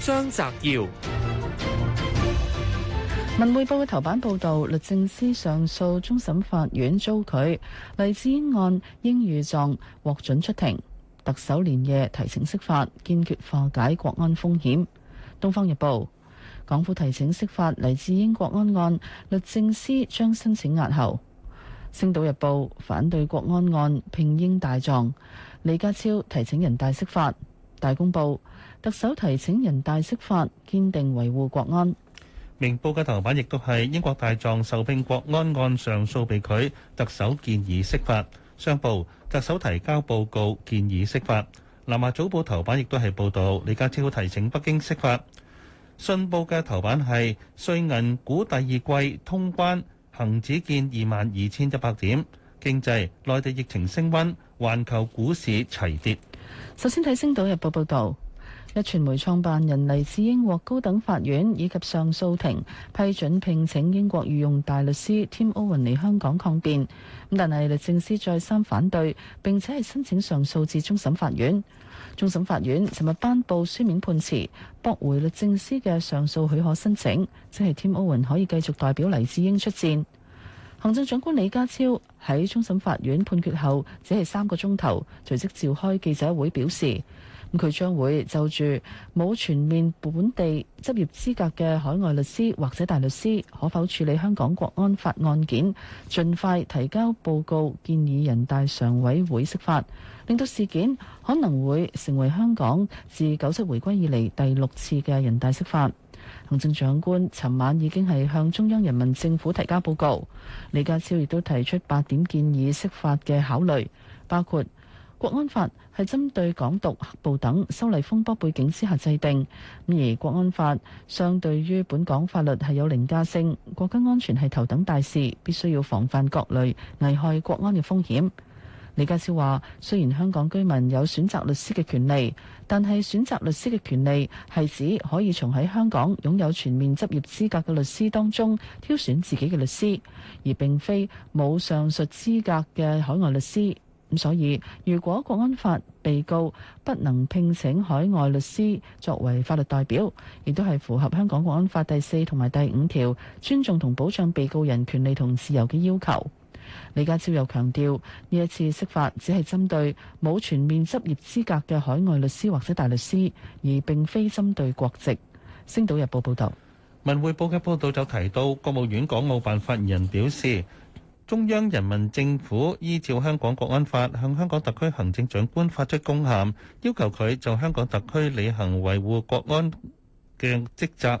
張澤堯，《文匯報》頭版報道，律政司上訴終審法院遭拒，黎智英案英御狀獲准出庭，特首連夜提請釋法，堅決化解國安風險。《東方日報》：港府提請釋法黎智英國安案，律政司將申請押後。《星島日報》：反對國安案，聘英大狀，李家超提請人大釋法。大公報。特首提請人大釋法，堅定維護國安。明報嘅頭版亦都係英國大狀受聘國安案上訴被拒，特首建議釋法。商報，特首提交報告建議釋法。南華早報頭版亦都係報道李家超提請北京釋法。信報嘅頭版係瑞銀股第二季通關恒指見二萬二千一百點。經濟，內地疫情升溫，環球股市齊跌。首先睇《星島日報，報導》報道。一傳媒創辦人黎智英獲高等法院以及上訴庭批准聘請英國御用大律師 Tim Owen 嚟香港抗辯，咁但係律政司再三反對，並且係申請上訴至終審法院。終審法院尋日頒布書面判詞，駁回律政司嘅上訴許可申請，即係 Tim Owen 可以繼續代表黎智英出戰。行政長官李家超喺終審法院判決後，只係三個鐘頭，隨即召開記者會表示，佢將會就住冇全面本地執業資格嘅海外律師或者大律師可否處理香港國安法案件，盡快提交報告建議人大常委會釋法，令到事件可能會成為香港自九七回歸以嚟第六次嘅人大釋法。行政長官尋晚已經係向中央人民政府提交報告，李家超亦都提出八點建議釋法嘅考慮，包括國安法係針對港獨、黑暴等修例風波背景之下制定，而國安法相對於本港法律係有凌駕性，國家安全係頭等大事，必須要防範各類危害國安嘅風險。李家超話：雖然香港居民有選擇律師嘅權利，但係選擇律師嘅權利係指可以從喺香港擁有全面執業資格嘅律師當中挑選自己嘅律師，而並非冇上述資格嘅海外律師。咁所以，如果《國安法》被告不能聘請海外律師作為法律代表，亦都係符合香港《國安法》第四同埋第五條尊重同保障被告人權利同自由嘅要求。李家超又強調，呢一次釋法只係針對冇全面執業資格嘅海外律師或者大律師，而並非針對國籍。星島日報報導，文匯報嘅報導就提到，國務院港澳辦發言人表示，中央人民政府依照香港國安法向香港特區行政長官發出公函，要求佢就香港特區履行維護國安嘅職責。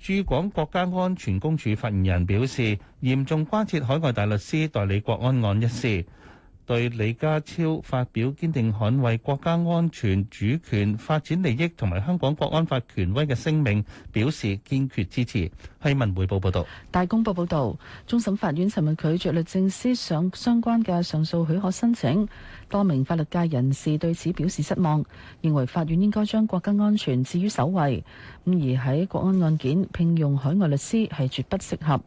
駐港國家安全公署發言人表示，嚴重關切海外大律師代理國安案一事。對李家超發表堅定捍衛國家安全主權、發展利益同埋香港國安法權威嘅聲明，表示堅決支持。係文匯報報道：「大公報報道，終審法院尋日拒絕律政司上相關嘅上訴許可申請，多名法律界人士對此表示失望，認為法院應該將國家安全置於首位。咁而喺國安案件聘用海外律師係絕不適合。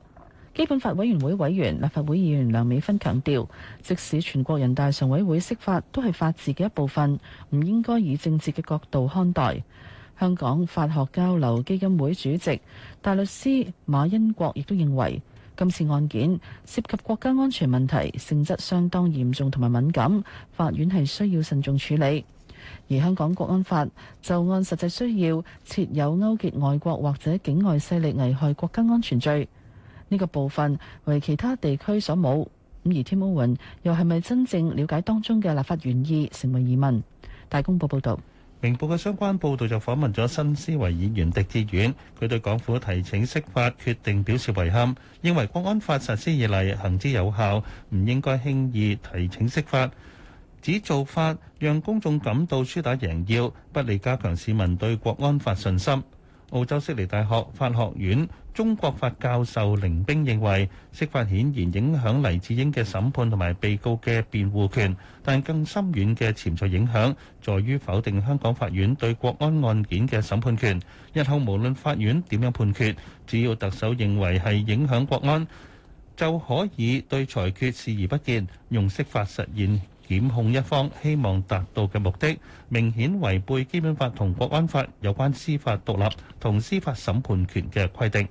基本法委員會委員、立法會議員梁美芬強調，即使全國人大常委會釋法，都係法治嘅一部分，唔應該以政治嘅角度看待。香港法學交流基金會主席、大律師馬恩國亦都認為，今次案件涉及國家安全問題，性質相當嚴重同埋敏感，法院係需要慎重處理。而香港國安法就按實際需要設有勾結外國或者境外勢力危害國家安全罪。呢個部分為其他地區所冇，咁而 Tim Owen 又係咪真正瞭解當中嘅立法原意，成為疑問。大公報報導，明報嘅相關報導就訪問咗新思維議員狄志遠，佢對港府提請釋法決定表示遺憾，認為國安法實施以嚟行之有效，唔應該輕易提請釋法，指做法讓公眾感到輸打贏要，不利加強市民對國安法信心。澳洲悉尼大學法學院中國法教授凌冰認為，釋法顯然影響黎智英嘅審判同埋被告嘅辯護權，但更深遠嘅潛在影響，在於否定香港法院對國安案件嘅審判權。日後無論法院點樣判決，只要特首認為係影響國安，就可以對裁決視而不見，用釋法實現。檢控一方希望達到嘅目的，明顯違背基本法同國安法有關司法獨立同司法審判權嘅規定。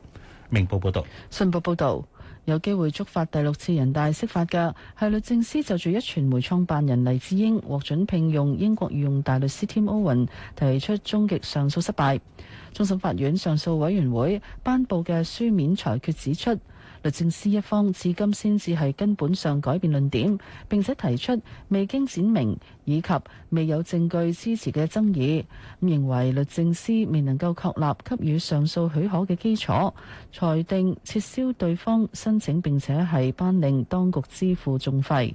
明報報道。信報報道，有機會觸發第六次人大釋法嘅係律政司就住一傳媒創辦人黎智英獲准聘用英國御用大律師 Tim Owen 提出終極上訴失敗。終審法院上訴委員會頒布嘅書面裁決指出，律政司一方至今先至係根本上改變論點，並且提出未經展明以及未有證據支持嘅爭議，咁認為律政司未能夠確立給予上訴許可嘅基礎，裁定撤銷對方申請並且係頒令當局支付訟費。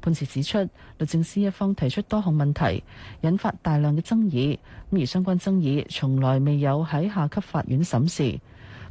判詞指出，律政司一方提出多項問題，引發大量嘅爭議，而相關爭議從來未有喺下級法院審視。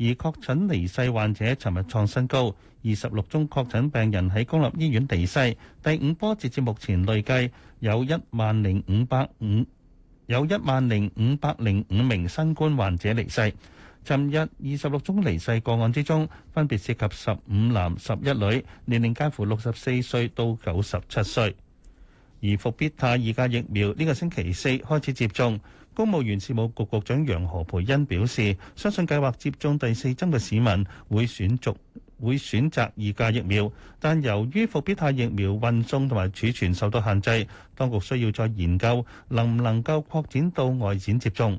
而確診離世患者尋日創新高，二十六宗確診病人喺公立醫院離世。第五波截至目前累計有一萬零五百五有一萬零五百零五名新冠患者離世。尋日二十六宗離世個案之中，分別涉及十五男十一女，年齡介乎六十四歲到九十七歲。而復必泰二價疫苗呢、這個星期四開始接種。公務員事務局局長楊何蓓茵表示，相信計劃接種第四針嘅市民會選續會選擇二價疫苗，但由於復必泰疫苗運送同埋儲存受到限制，當局需要再研究能唔能夠擴展到外展接種。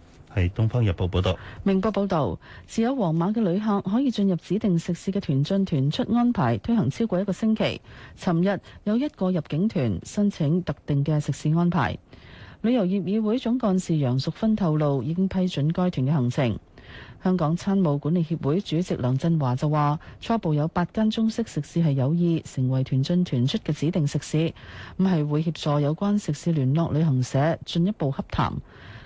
係東方日報報道，明報報道，持有黃碼嘅旅客可以進入指定食肆嘅團進團出安排推行超過一個星期。尋日有一個入境團申請特定嘅食肆安排，旅遊業議會總幹事楊淑芬透露已經批准該團嘅行程。香港餐務管理協會主席梁振華就話初步有八間中式食肆係有意成為團進團出嘅指定食肆，咁係會協助有關食肆聯絡旅行社進一步洽談。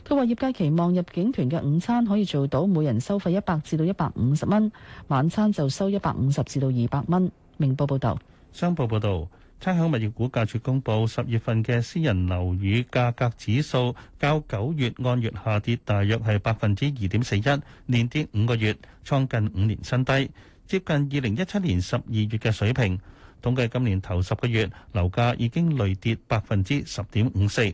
佢話業界期望入境團嘅午餐可以做到每人收費一百至到一百五十蚊，晚餐就收一百五十至到二百蚊。明報報導，商報報導，參考物業估價處公佈十月份嘅私人樓宇價格指數，較九月按月下跌大約係百分之二點四一，連跌五個月，創近五年新低，接近二零一七年十二月嘅水平。統計今年頭十個月樓價已經累跌百分之十點五四。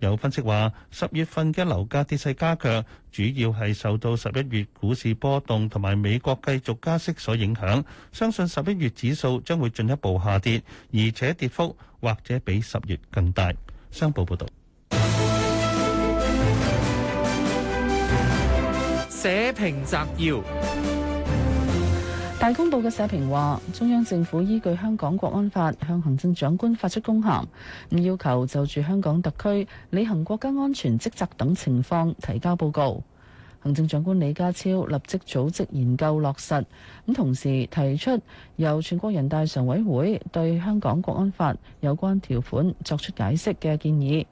有分析話，十月份嘅樓價跌勢加強，主要係受到十一月股市波動同埋美國繼續加息所影響。相信十一月指數將會進一步下跌，而且跌幅或者比十月更大。商報報導。社評摘要。大公報嘅社評話：中央政府依據香港國安法向行政長官發出公函，要求就住香港特區履行國家安全職責等情況提交報告。行政長官李家超立即組織研究落實，咁同時提出由全國人大常委會對香港國安法有關條款作出解釋嘅建議。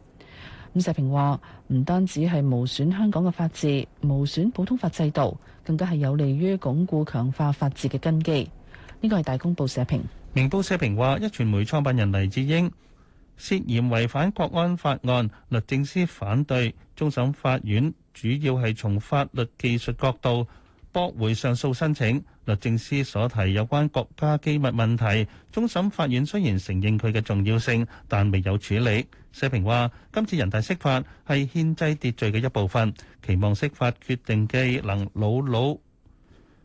社評話，唔單止係無損香港嘅法治，無損普通法制度，更加係有利於鞏固強化法治嘅根基。呢、這個係大公報社評。明報社評話，一傳媒創辦人黎智英涉嫌違反國安法案，律政司反對，終審法院主要係從法律技術角度。駁回上訴申請，律政司所提有關國家機密問題，終審法院雖然承認佢嘅重要性，但未有處理。社評話：今次人大釋法係憲制秩序嘅一部分，期望釋法決定既能牢牢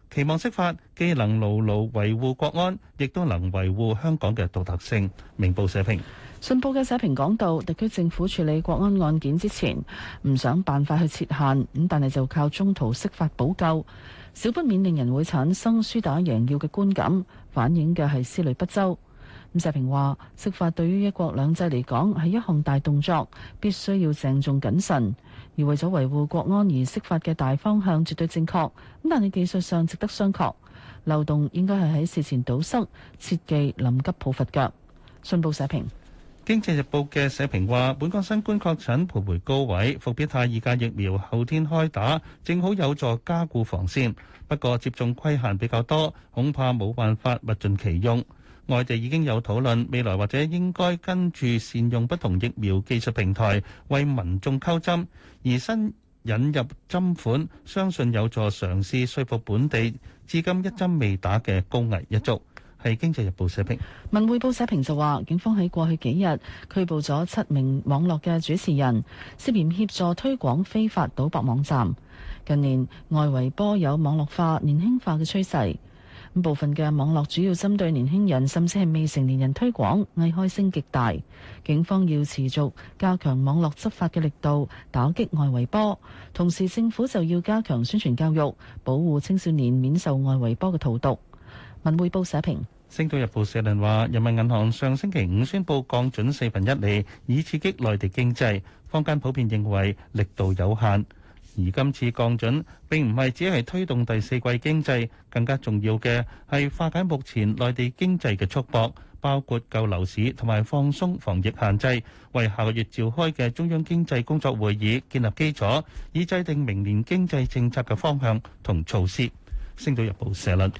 期望釋法既能牢牢維護國安，亦都能維護香港嘅獨特性。明報社評。信報嘅社評講到，特區政府處理國安案件之前，唔想辦法去設限，咁但係就靠中途釋法補救，少不免令人會產生輸打贏要嘅觀感，反映嘅係思慮不周。咁社評話，釋法對於一國兩制嚟講係一項大動作，必須要鄭重謹慎。而為咗維護國安而釋法嘅大方向絕對正確，咁但係技術上值得商榷。漏洞應該係喺事前堵塞，切忌臨急抱佛腳。信報社評。《經濟日報》嘅社評話：本港新冠確診徘徊高位，復必泰二價疫苗後天開打，正好有助加固防線。不過接種規限比較多，恐怕冇辦法物盡其用。外地已經有討論，未來或者應該跟住善用不同疫苗技術平台為民眾溝針，而新引入針款，相信有助嘗試說服本地至今一針未打嘅高危一族。係《經濟日報》社評，《文匯報》社評就話，警方喺過去幾日拘捕咗七名網絡嘅主持人，涉嫌協助推廣非法賭博網站。近年外圍波有網絡化、年輕化嘅趨勢，部分嘅網絡主要針對年輕人，甚至係未成年人推廣，危害性極大。警方要持續加強網絡執法嘅力度，打擊外圍波。同時，政府就要加強宣傳教育，保護青少年免受外圍波嘅荼毒。文匯報社評：《星島日報》社論話，人民銀行上星期五宣布降準四分一厘，以刺激內地經濟。坊間普遍認為力度有限，而今次降準並唔係只係推動第四季經濟，更加重要嘅係化解目前內地經濟嘅束縛，包括救樓市同埋放鬆防疫限制，為下個月召開嘅中央經濟工作會議建立基礎，以制定明年經濟政策嘅方向同措施。《星島日報》社論。